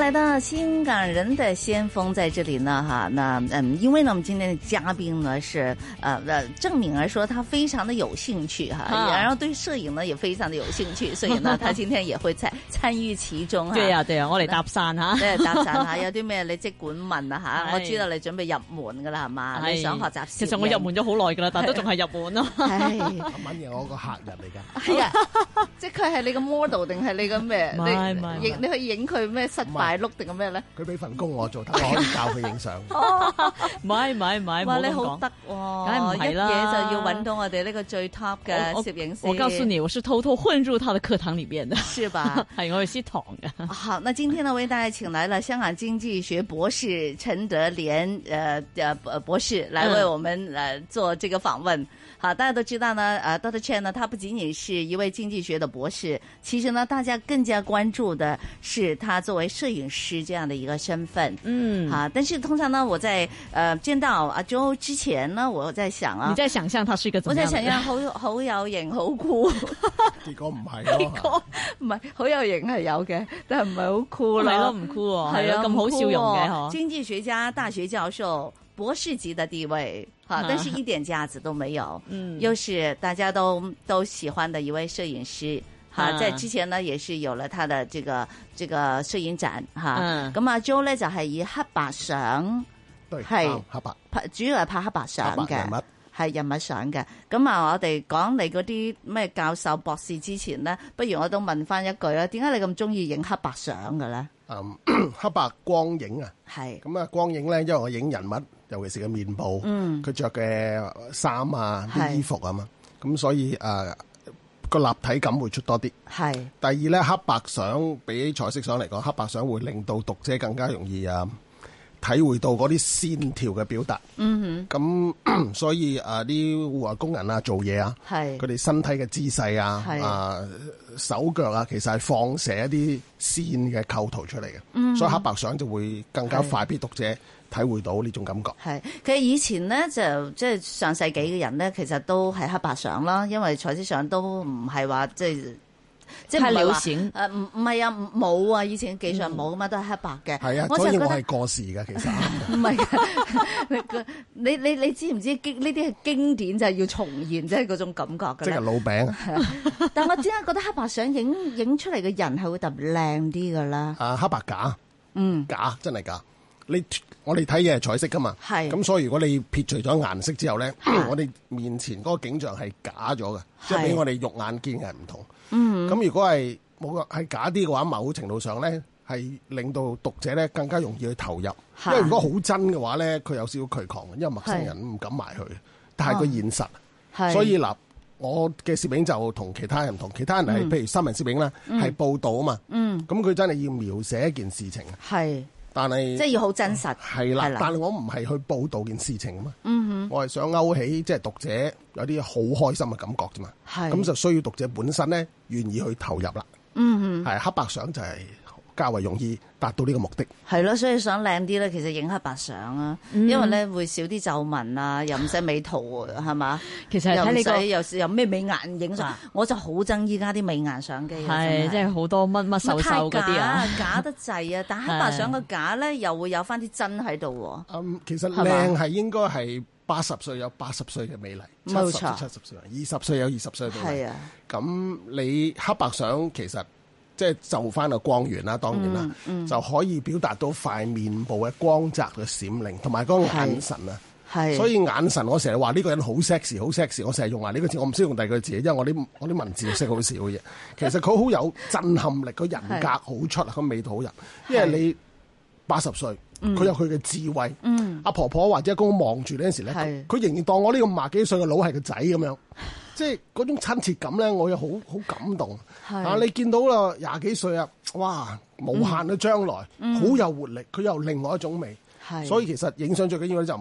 來到新港人的先鋒，在這裏呢哈，那嗯，因為呢我們今天的嘉賓呢是呃呃鄭敏兒說他非常的有興趣哈，然後對攝影呢也非常的有興趣，所以呢他今天也會參參與其中對啊對啊，我嚟搭訕哈。你嚟搭訕吓，有啲咩你即管問啊，哈，我知道你準備入門噶啦係嘛？你想學習。其實我入門咗好耐噶啦但都仲係入門咯。哎，敏兒我個客人嚟噶係啊。即係佢係你個 model 定係你個咩？你影可以影佢咩失敗碌定個咩咧？佢俾份工我做，但我可以教佢影相。哦，唔係唔係唔係，唔好咁講，哇，你好得哇、哦！梗係唔係啦，一嘢就要揾到我哋呢個最 top 嘅攝影師。我，我，我告訴你，我是偷偷混入他的課堂裏面的。是吧？係 我有系統。好，那今天呢為大家請來了香港經濟學博士陳德廉，誒、呃、誒、呃，博士來為我們誒做這個訪問。嗯。.好，大家都知道呢，呃，Doctor Chan 呢，他不僅僅是一位經濟學的博士，其實呢，大家更加關注的是他作為攝影師這樣的一個身份。嗯，好，但是通常呢，我在呃見到阿周之前呢，我在想啊，你在想象他是一個怎麼樣，我在想象 好有好有型、好酷。結果唔係。結果唔係，好有型係有嘅，但係唔係好酷啦。咪咯，唔酷啊。係啊了，咁好笑容嘅、哦啊、經濟學家、大學教授、博士級的地位。但是一點架子都沒有，嗯，又是大家都都喜歡的一位攝影師，即係、嗯啊、之前呢，也是有了他的這個這個攝影展，哈、啊，咁阿 Jo 咧就係以黑白相，係黑白拍，主要係拍黑白相嘅，黑白人物，係人物相嘅，咁啊，我哋講你嗰啲咩教授博士之前呢，不如我都問翻一句啦，點解你咁中意影黑白相嘅咧？黑白光影啊，係是，咁啊光影咧，因為我影人物。尤其是個面部，佢著嘅衫啊，啲衣服啊嘛，咁所以啊個立體感會出多啲。係第二咧，黑白相比彩色相嚟講，黑白相會令到讀者更加容易啊體會到嗰啲線條嘅表達。嗯哼，咁所以啊啲戶外工人啊做嘢啊，佢哋身體嘅姿勢啊、啊手腳啊，其實係放射一啲線嘅構圖出嚟嘅。嗯，所以黑白相就會更加快俾讀者。體會到呢種感覺係，其實以前咧就即係上世紀嘅人咧，其實都係黑白相啦，因為彩色相都唔係話即係即係唔係話誒唔唔係啊冇啊，以前嘅技術冇啊嘛，嗯、都係黑白嘅係啊，所以我係過時嘅，其實唔係你你你知唔知經呢啲係經典就係、是、要重現，即係嗰種感覺嘅即係老餅，啊、但我點解覺得黑白相影影出嚟嘅人係會特別靚啲㗎啦？啊，黑白假？嗯假真係假？真係假你我哋睇嘢係彩色噶嘛？係咁，所以如果你撇除咗顏色之後咧，我哋面前嗰個景象係假咗嘅，即係俾我哋肉眼見係唔同。嗯，咁如果係冇個係假啲嘅話，某程度上咧係令到讀者咧更加容易去投入，因為如果好真嘅話咧，佢有少少驕狂，因為陌生人唔敢埋去。但係個現實，所以嗱，我嘅攝影就同其他人唔同，其他人係譬如新聞攝影啦，係報導啊嘛。嗯，咁佢真係要描寫一件事情。但係即係要好真實係啦，啊、是的但係我唔係去報道件事情啊嘛，嗯、哼我係想勾起即係、就是、讀者有啲好開心嘅感覺啫嘛，咁的就需要讀者本身咧願意去投入啦，係、嗯、哼黑白相就係、是。較為容易達到呢個目的係咯，所以想靚啲咧，其實影黑白相啊，因為咧會少啲皺紋啊，又唔使美圖，係嘛？其實睇你個，又有咩美顏影相？我就好憎依家啲美顏相機啊！係即係好多乜乜瘦瘦㗎啲人，假得滯啊！但黑白相個假咧，又會有翻啲真喺度。啊，其實靚係應該係八十歲有八十歲嘅美麗，七十七十歲二十歲有二十歲嘅美麗。係啊，咁你黑白相其實。即係就翻個光源啦，當然啦，嗯嗯、就可以表達到塊面部嘅光澤嘅閃靈，同埋嗰個眼神啊。係，所以眼神我成日話呢個人好 sexy，好 sexy。我成日用埋呢個字，我唔識用第二句字，因為我啲我啲文字識好少嘅。其實佢好有震撼力，個人格好出，個味是道好入，因為是你八十歲。佢有佢嘅智慧，阿婆婆或者阿公望住呢陣時咧，佢仍然當我呢個廿幾歲嘅老係個仔咁樣，即係嗰種親切感咧，我又好好感動。嗱，你見到喇，廿幾歲啊，哇，無限嘅將來，好有活力，佢又另外一種味。所以其實影相最緊要呢，就，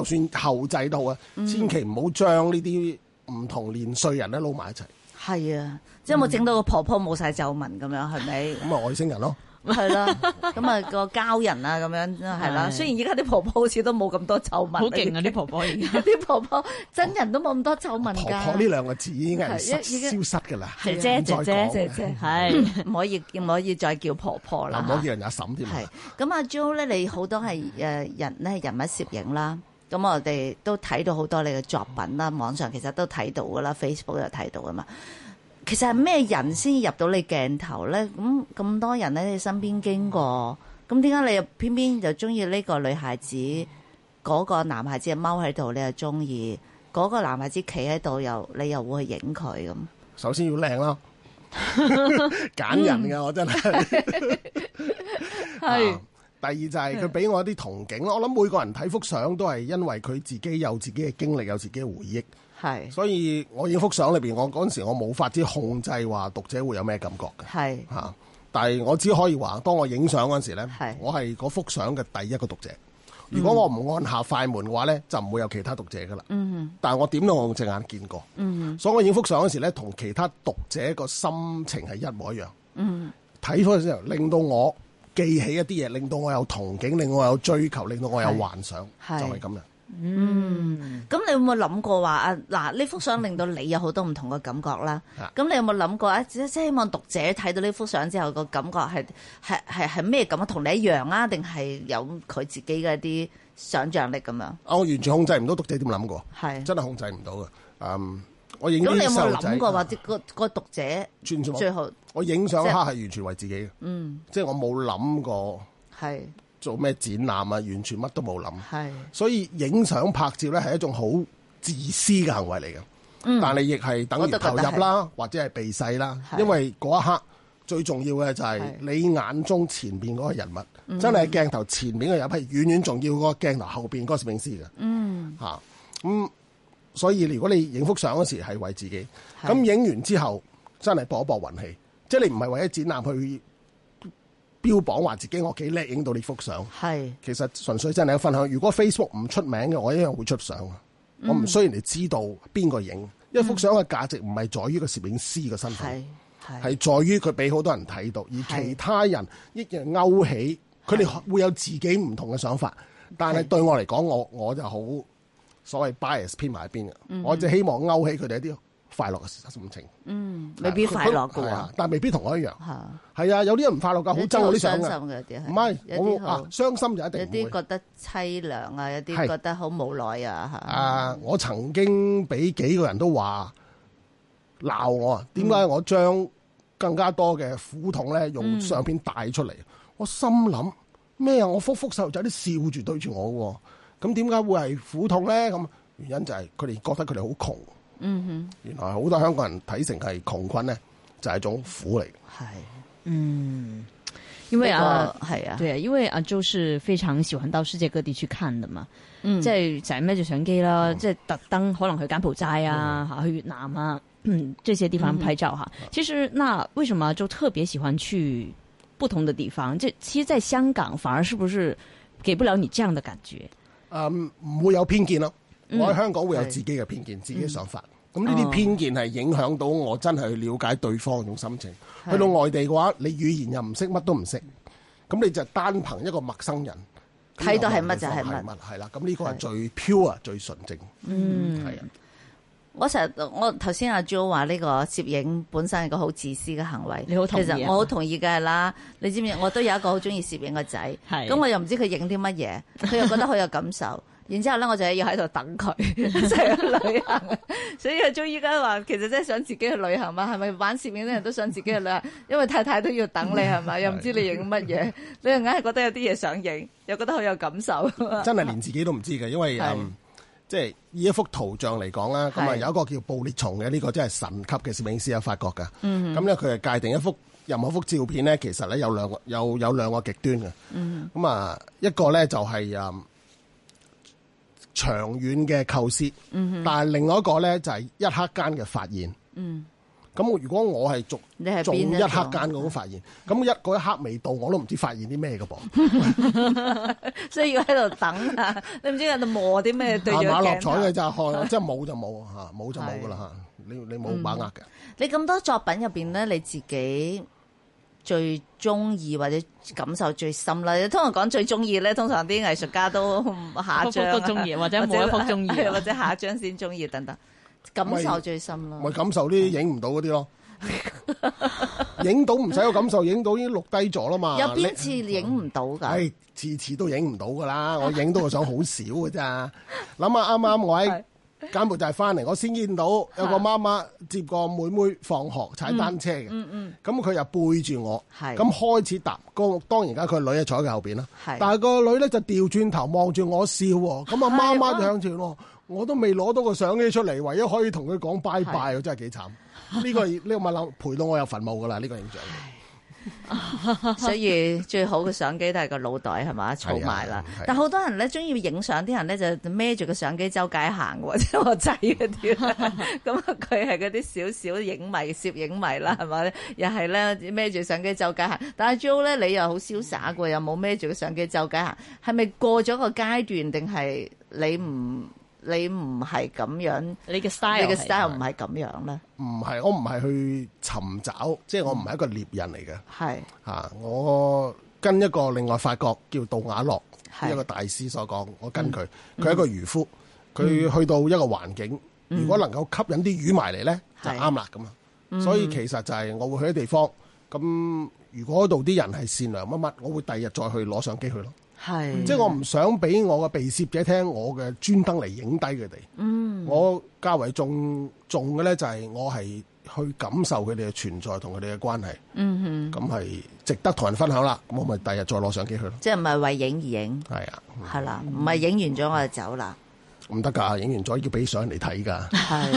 就算後製都好啊，千祈唔好將呢啲唔同年歲人咧撈埋一齊。係啊，即係有冇整到個婆婆冇晒皺紋咁樣？係咪咁啊外星人咯？係啦，咁啊、 那個膠人啊咁樣，係啦。雖然而家啲婆婆好似都冇咁多皺紋，好勁 啊啲婆婆，而家啲婆婆真人都冇咁多皺紋、啊。啊、婆婆呢兩個字已經係消失噶啦，姐姐姐姐姐係唔可以唔的可以再叫婆婆啦？可以叫人阿嬸添。係咁啊 Jo 咧，你好多係誒人咧人物攝影啦。咁我哋都睇到好多你嘅作品啦，網上其實都睇到噶啦，Facebook 又睇到㗎嘛。其實係咩人先入到你鏡頭呢？咁、嗯、咁多人喺你身邊經過，咁點解你又偏偏就中意呢個女孩子？嗰、嗰個男孩子踎喺度，你又中意？嗰個男孩子企喺度，又你又會去影佢咁？首先要靚咯 的，揀人噶，我真係。係。第二就係佢俾我一啲同景咯。是 我諗每個人睇幅相都係因為佢自己有自己嘅經歷，有自己嘅回憶。係，是所以我影幅相裏邊，我嗰陣時候我冇法子控制話讀者會有咩感覺嘅。係是，吓，但係我只可以話，當我影相嗰陣時咧，是我係嗰幅相嘅第一個讀者。是如果我唔按下快門嘅話咧，就唔會有其他讀者噶啦。嗯是，但係我點都用隻眼見過。嗯是，所以我影幅相嗰時咧，同其他讀者個心情係一模一樣。嗯是，睇完之後，令到我記起一啲嘢，令到我有憧憬，令我有追求，令到我有幻想，是是就係咁樣。嗯，咁你有冇諗過話啊？嗱，呢幅相令到你有好多唔同嘅感覺啦。咁 你有冇諗過啊？即係希望讀者睇到呢幅相之後個感覺係係係係咩感覺啊？同你一樣啊？定係有佢自己嘅一啲想象力咁樣？啊，我完全控制唔到讀者點諗過，係是真係控制唔到嘅。嗯，我影呢啲相咁，你有冇諗過或者個個讀者？最後我影相下係完全為自己嘅、就是。嗯，即係我冇諗過。係。做咩展覽啊？完全乜都冇諗，是所以影相拍照咧係一種好自私嘅行為嚟嘅。嗯、但係亦係等於投入啦，或者係避世啦。是因為嗰一刻最重要嘅就係你眼中前面嗰個人物，是真係鏡頭前面嘅人係遠遠重要過鏡頭後邊嗰個攝影師嘅、嗯啊。嗯，吓咁，所以如果你影幅相嗰時係為自己，咁影是完之後真係搏一搏運氣，即、就、係、是、你唔係為咗展覽去。標榜話自己我幾叻，影到你幅相，係是其實純粹真係分享。如果 Facebook 唔出名嘅，我一樣會出相，嗯、我唔需要人知道邊個影。嗯、因為一幅相嘅價值唔係在於個攝影師嘅身份，係，係在於佢俾，好多人睇到，是而其他人一樣勾起，佢哋會有自己唔同嘅想法。是但係對我嚟講，我我就好所謂 bias 偏埋一邊嘅，嗯、我就希望勾起佢哋一啲快樂嘅心情，嗯，未必快樂噶，但係未必同我一樣，係啊，啊，有啲人唔快樂噶，好憎我啲傷心嘅，唔係，我啊，傷心就一定有啲覺得淒涼啊，有啲覺得好無奈啊，吓啊！我曾經俾幾個人都話鬧、啊、我，點解、啊、我將更加多嘅苦痛咧用相片帶出嚟，啊嗯？我心諗咩啊？我幅幅細路仔啲笑住對住我，咁點解會係苦痛咧？咁原因就係佢哋覺得佢哋好窮。嗯哼，原來好多香港人睇成係窮困呢就係、是、一種苦嚟。係，嗯，因為啊，係啊、那個，係啊，因為阿、啊、Jo 是非常喜歡到世界各地去看的嘛，嗯，即係就係孭住相機啦，即係特登可能去柬埔寨啊，吓、嗯、去越南啊，嗯，這些地方拍照哈、啊。嗯、其實，那為什麼就特別喜歡去不同的地方？這其實，在香港反而是不是給不了你這樣的感覺？誒、嗯，唔會有偏見咯。我喺香港會有自己嘅偏見，是自己嘅想法。嗯咁呢啲偏見係影響到我真係去了解對方嗰種心情。去到外地嘅話，你語言又唔識，乜都唔識，咁你就單憑一個陌生人睇到係乜就係乜，係啦。咁呢個係最 pure 的、最純正。嗯，係啊的。我成日我頭先阿 Jo 話呢個攝影本身係個好自私嘅行為，你好同意、啊。其實我好同意嘅啦。你知唔知？我都有一個好中意攝影嘅仔，咁 我又唔知佢影啲乜嘢，佢又覺得好有感受。 然之後咧，我就要喺度等佢，成日去旅行。 所以阿鍾依家話，其實真係想自己去旅行嘛？係咪玩攝影呢？啲人都想自己去旅行？因為太太都要等你係咪？又唔知你影乜嘢。 你又硬係覺得有啲嘢想影，又覺得好有感受。真係連自己都唔知嘅，因為即係是、嗯就是、以一幅圖像嚟講啦。咁啊是，有一個叫布列松嘅，呢、這個真係神級嘅攝影師啊，發覺噶。咁咧、mm，佢、hmm. 係界定一幅任何一幅照片咧，其實咧有兩個有有兩個極端嘅。咁啊、mm，hmm. 一個咧就係、是嗯長遠嘅構思，但係另外一個咧就係一刻間嘅發現。嗯，咁如果我係逐逐一刻間嗰種發現，咁一嗰一刻未到，我都唔知發現啲咩㗎噃，所以要喺度等啊！你唔知喺度磨啲咩？對住鏡。落彩嘅就，即係冇就冇吓，冇就冇噶啦吓，你你冇把握嘅。你咁多作品入邊咧，你自己。最中意或者感受最深啦，通常講最中意咧，通常啲藝術家都下一張中意， 或者冇一幅中意，或者，或者下一張先中意等等， 感受最深唔係唔係受不咯。咪感受啲影唔到嗰啲咯，影到唔使有感受，影到已經錄低咗啦嘛。有邊次影唔到噶？唉、 哎，次次都影唔到噶啦，我影到個相好少噶咋。諗下啱啱我喺。 柬埔寨就係翻嚟，我先見到有個媽媽接個妹妹放學踩是單車嘅，咁佢又背住我，咁是開始踏，個當然而家佢女就坐喺佢後邊啦。是但係個女咧就掉轉頭望住我笑喎，咁阿媽媽就向住喎，啊、我都未攞到個相機出嚟，唯一可以同佢講拜拜，是真係幾慘。呢、 呢個呢、呢個麥粒陪到我有墳墓㗎啦，呢、呢個影象。 所以最好嘅相機都係個腦袋，係咪儲埋啦？啊啊啊、但好多人咧中意影相啲人咧就孭住個相機周街行，即、啊、者我仔嗰啲咁。佢係嗰啲少少影迷、攝影迷啦，係咪？又係咧孭住相機周街行，但係 Jo 咧你又好瀟灑喎，又冇孭住個相機周街行，係咪過咗個階段定係你唔？你唔係咁樣，你嘅 style，你嘅 style 唔係咁樣咧。唔係，我唔係去尋找，即係我唔係一個獵人嚟嘅。係是啊，我跟一個另外法國叫杜瓦洛是一個大師所講，我跟佢。佢係、嗯、一個漁夫，佢、嗯、去到一個環境，如果能夠吸引啲魚埋嚟咧，嗯、就啱啦咁啊。是所以其實就係我會去啲地方，咁如果度啲人係善良乜乜，我會第二日再去攞相機去咯。係，是即係我唔想俾我嘅被攝者聽我專，我嘅專登嚟影低佢哋。嗯，我較為重重嘅咧就係我係去感受佢哋嘅存在同佢哋嘅關係。嗯哼，咁係值得同人分享啦。咁我咪第日再攞相機去咯。即係唔係為影而影？係啊，係啦，啊，唔係影完咗我就走啦。嗯唔得噶，影完咗要俾相嚟睇噶，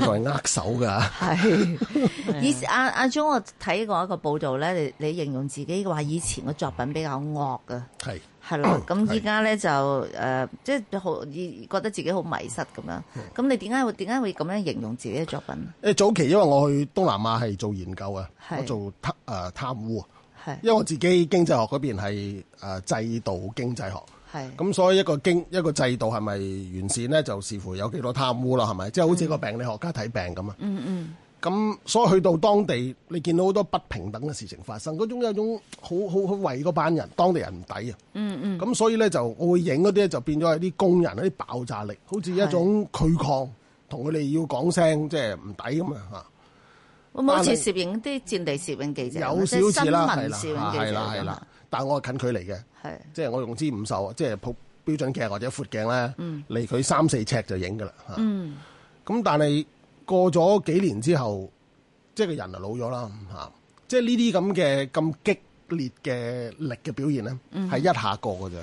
同人是握手噶。係以前阿阿張，我睇過一個報道咧，你你形容自己話以前嘅作品比較惡噶，係係咁依家咧就誒、呃，即係好，覺得自己好迷失咁樣。咁的你點解會點解會咁樣形容自己嘅作品？誒、欸，早期因為我去東南亞係做研究啊，的我做貪誒貪污，係的因為我自己經濟學嗰邊係誒制度經濟學。咁、嗯、所以一個經一個制度係咪完善咧，就視乎有幾多貪污啦，係咪？即係好似個病理學家睇病咁啊、嗯！嗯嗯。咁所以去到當地，你見到好多不平等嘅事情發生，嗰種有一種好好好為嗰班人、當地人唔抵啊！嗯嗯。咁、嗯嗯、所以咧就我會影嗰啲咧就變咗係啲工人啲爆炸力，好似一種拒抗，同佢哋要講聲，即係唔抵咁啊！吓，我冇似攝影啲戰地攝影記者，是有少少啦，係啦係啦。但係我係近距離嘅，是，即係我用支五手，即係普標準鏡或者闊鏡咧，離佢、嗯、三四尺就影噶啦。咁、嗯啊、但係過咗幾年之後，即係個人就老咗啊老咗啦，嚇！即係呢啲咁嘅咁激烈嘅力嘅表現咧，係、嗯、哼一下過嘅啫。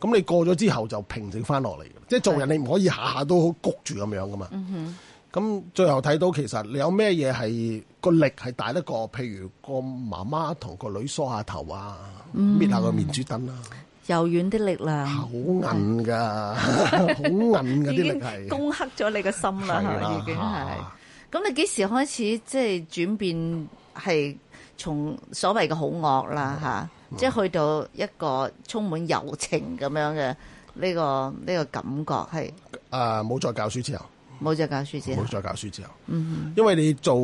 咁你過咗之後就平靜翻落嚟，即係做人你唔可以下下都好谷住咁樣噶嘛。是嗯哼咁最後睇到其實你有咩嘢係個力係大得過，譬如個媽媽同個女梳下頭啊，搣下個面珠燈啊，柔、嗯、軟啲力量，好韌㗎，好韌嗰啲力係，攻克咗你個心啦嚇，已經係。咁你幾時開始即係、就是、轉變係從所謂嘅好惡啦嚇，嗯啊、即係去到一個充滿柔情咁樣嘅呢、呢個呢、呢個感覺係？啊，冇再教書之後。冇再教書之後，冇再教書之後嗯，因為你做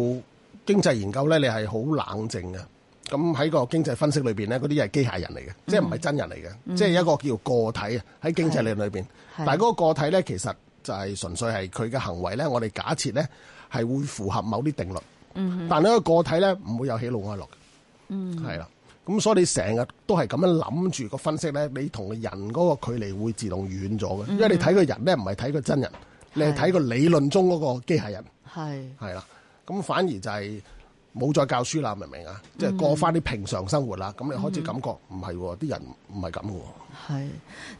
經濟研究咧，你係好冷靜嘅。咁喺個經濟分析裏邊咧，嗰啲係機械人嚟嘅，嗯、即係唔係真人嚟嘅，嗯、即係一個叫個體啊。喺經濟理論裏邊，但係嗰個個體咧，其實就係純粹係佢嘅行為咧。我哋假設咧係會符合某啲定律，嗯，但係嗰個個體咧唔會有喜怒哀樂，嗯，係啦。咁所以你成日都係咁樣諗住個分析咧，你同人嗰個距離會自動遠咗嘅，因為你睇個人咧，唔係睇個真人。你係睇個理論中嗰個機械人，係，係啦，咁的反而就係冇再教書啦，明唔明啊？即係、嗯、過返啲平常生活啦，咁、嗯、你開始感覺唔係喎，啲人唔係咁嘅喎。係，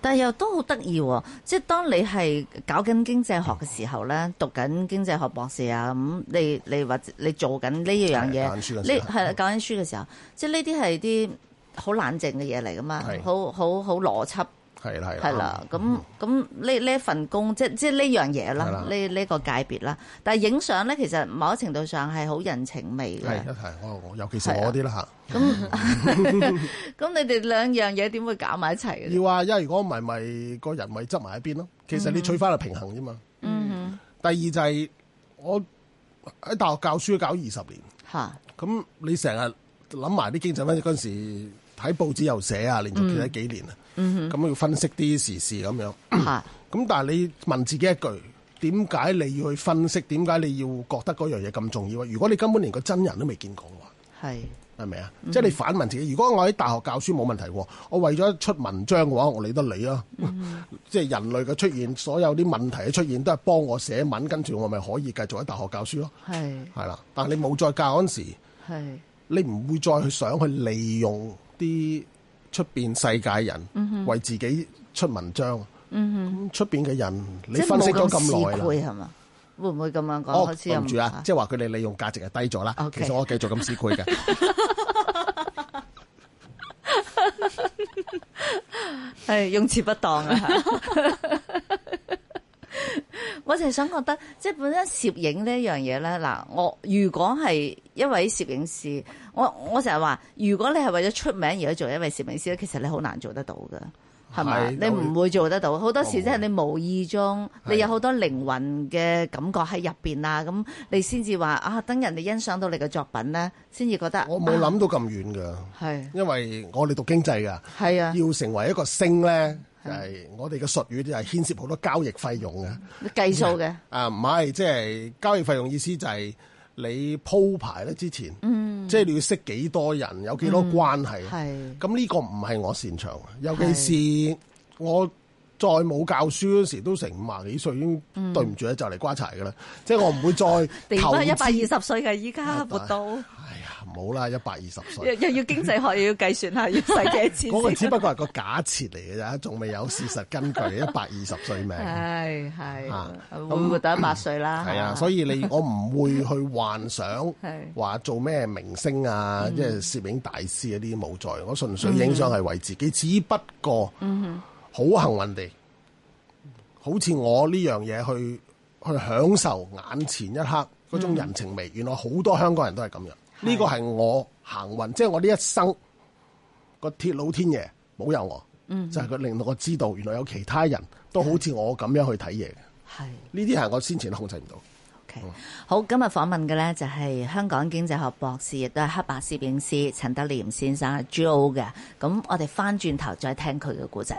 但係又都好得意喎！即係當你係搞緊經濟學嘅時候咧，讀緊經濟學博士啊，咁你你或者你做緊呢一樣嘢，呢係啦，教緊書嘅時候，即係呢啲係啲好冷靜嘅嘢嚟㗎嘛，好好好邏輯。係啦，係啦。係啦，咁咁呢呢一份工，即係即係呢樣嘢啦，呢呢個界別啦。但係影相咧，其實某程度上係好人情味嘅。係，係，我我尤其是我啲啦嚇。咁咁你哋兩樣嘢點會搞埋一齊咧？要啊，因為如果唔係咪個人咪執埋一邊咯？其實你取翻係平衡啫嘛。嗯。第二就係我喺大學教書教二十年嚇，咁你成日諗埋啲經濟嗰陣時。喺報紙又寫啊，連續寫咗幾年啊，咁、嗯嗯、要分析啲時事咁樣。咁是但係你問自己一句，點解你要去分析？點解你要覺得嗰樣嘢咁重要啊？如果你根本連個真人都未見過嘅係係咪啊？即係你反問自己，如果我喺大學教書冇問題喎，我為咗出文章嘅話，我理得你啊？即係、嗯、哼 人類嘅出現，所有啲問題嘅出現都係幫我寫文，跟住我咪可以繼續喺大學教書咯。係係是啦，但係你冇再教嗰陣時，是你唔會再去想去利用。啲出邊世界人為自己出文章，出邊嘅人、嗯、哼你分析咗咁耐啦，會唔會咁樣講？哦，唔住啊！即係話佢哋利用價值係低咗啦。嗯、哼其實我繼續咁思潑嘅，係用詞不當啊！ 我就係想覺得，即係本身攝影呢一樣嘢咧，嗱，我如果係一位攝影師，我我成日話，如果你係為咗出名而去做一位攝影師咧，其實你好難做得到㗎，係咪？的你唔會做得到。好多時即係你無意中，你有好多靈魂嘅感覺喺入邊啊，咁的你先至話啊，等人哋欣賞到你嘅作品咧，先至覺得。我冇諗到咁遠㗎，係的因為我哋讀經濟㗎，係啊的，要成為一個星咧。係，是我哋嘅術語就係牽涉好多交易費用嘅計數嘅啊，唔係，即係交易費用意思就係你鋪排咧之前，即係、嗯、你要識幾多人，有幾多關係，咁呢、嗯、個唔係我擅長嘅，尤其是我。是我再冇教書嗰時都成五十幾歲，已經對唔住啦，就嚟瓜柴噶啦。即係我唔會再，投翻一百二十歲嘅依家活到。哎呀，唔好啦，一百二十歲。又要經濟學，又要計算下要使幾多錢。嗰個只不過係個假設嚟嘅咋，仲未有事實根據。一百二十歲咩？係係。會活到一百歲啦。係啊，所以你我唔會去幻想話做咩明星啊，即係攝影大師嗰啲冇在。我純粹影相係為自己，只不過。好幸運地，好似我呢樣嘢，去去享受眼前一刻嗰種人情味。嗯、原來好多香港人都係咁樣，呢個係我行運，即、就、係、是、我呢一生個鐵老天爺保佑我，嗯、就係佢令到我知道，原來有其他人都好似是我咁樣去睇嘢。係呢啲係我先前控制唔到。OK，嗯、好，今日訪問嘅呢就係香港經濟學博士，亦都係黑白攝影師陳德廉先生 Joe 嘅。咁我哋翻轉頭再聽佢嘅故仔。